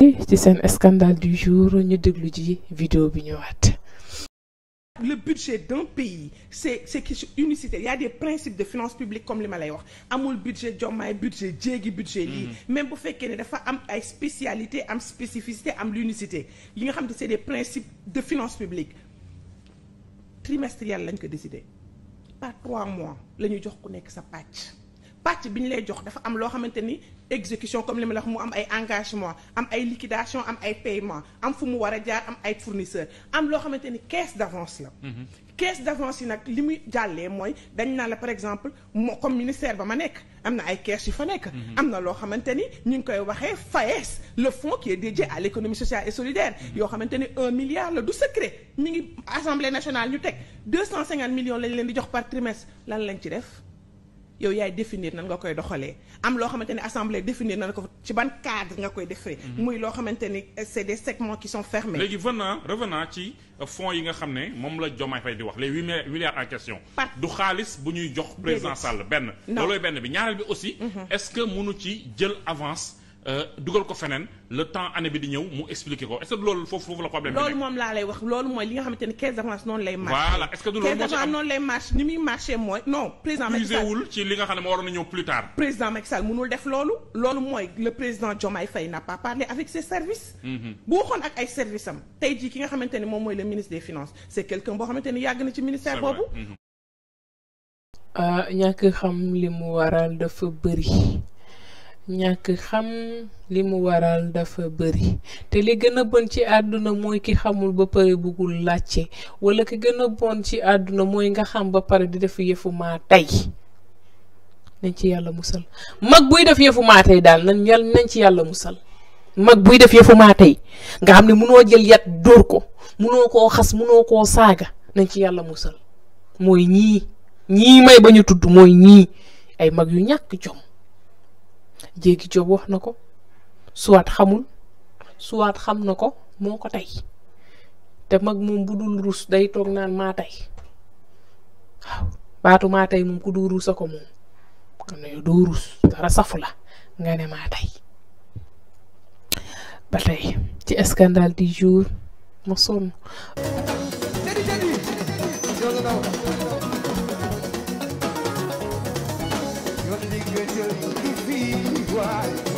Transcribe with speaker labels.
Speaker 1: Eh, c'est un scandale du jour nous de gludier, vidéo
Speaker 2: le budget d'un pays c'est c'est unicité il y a des principes de finances publiques comme li ma lay wax amul budget Diomaye budget jéegi budget lii mm-hmm. même bu fekkee ne dafa am ay spécialité am spécificité am l'unicité Il y a c'est des principes de finances publiques trimestriel lañ ko décider par trois mois la New jox ku nekk sa patch pàcc bi ñu lay jox dafa am loo xamante ni exécution comme li ma la wax mu am ay engagement am ay liquidation am ay paiement am fu mu war a jaar am ay fournisseur am loo xamante ni caisse d'avance la mhm. caisse d'avance yi nag li muy jàllee mooy dañ naa la par exemple comme ministère ba ma nekk am na ay caisse yu fa nekk mhm. am na loo xamante ni ñu ngi koy waxee FAES le fonds qui est dédié à l'économie sociale et solidaire mhm. yoo xamante ni un milliard la du secret mi ngi assemblée nationale ñu teg 250 millions lañ leen di jox par trimestre lan lañ ci def yow yaay définir nan nga koy doxalee am loo xamante ne assemblée définir nan ko ci ban cadre nga koy defee. Mhm. muy loo xamante ni euh, c'est des segments qui sont fermés. léegi
Speaker 3: venant revenant ci euh, fonds yi nga xam ne moom la jomay fay di wax les huit milliards en question. du xaalis bu ñuy jox président Sall benn. loolooy benn bi ñaareel bi aussi. Mhm. est-ce que munu ci jël avance. Euh, dougal ko fenen le temps année bi di ñew mu expliquer ko est-ce que loolu fofu foofu la problème bi
Speaker 2: mom la lay wax loolu moy li nga xamanteni 15 avance non lay marché voilà est-ce que du loolu moo ci am lay marché ni mi marché moy non président Macky Sall wul
Speaker 3: ci li nga xam mo moo na plus tard
Speaker 2: président Macky Sall mënul def loolu loolu moy le président Diomaye Fay n'a pas parlé avec ses services mm-hmm. bu waxoon ak ay services am tey jii ki nga xamanteni mom moy le ministre des finances c'est quelqu'un bo xamanteni yag na ci ministère boobu mm-hmm.
Speaker 1: euh, ñak xam limu waral dafa bëri ñàkk xam li mu waral dafa bëri te li gën a bon ci àdduna mooy ki xamul ba pare bëggul laajte wala ki gën a bon ci àdduna mooy nga xam ba pare di def yëfu maa tey nañ ci yàlla musal mag buy def yëfu maa tey daal nañ yàlla nañ ci yàlla musal mag buy def yëfu nga xam ne munoo jël yat dóor ko munoo koo xas munoo koo saaga nañ ci yàlla musal mooy ñii ñii may ba ñu tudd mooy ñii ay mag yu ñàkk jom jéegi job wax na ko soit xamul soit xam na ko moo ko tey te mag moom bu dul ruus day toog naan maa tey a ko moom kon yow doo ruus ba tey ci scandale di jour ma sonn
Speaker 3: right.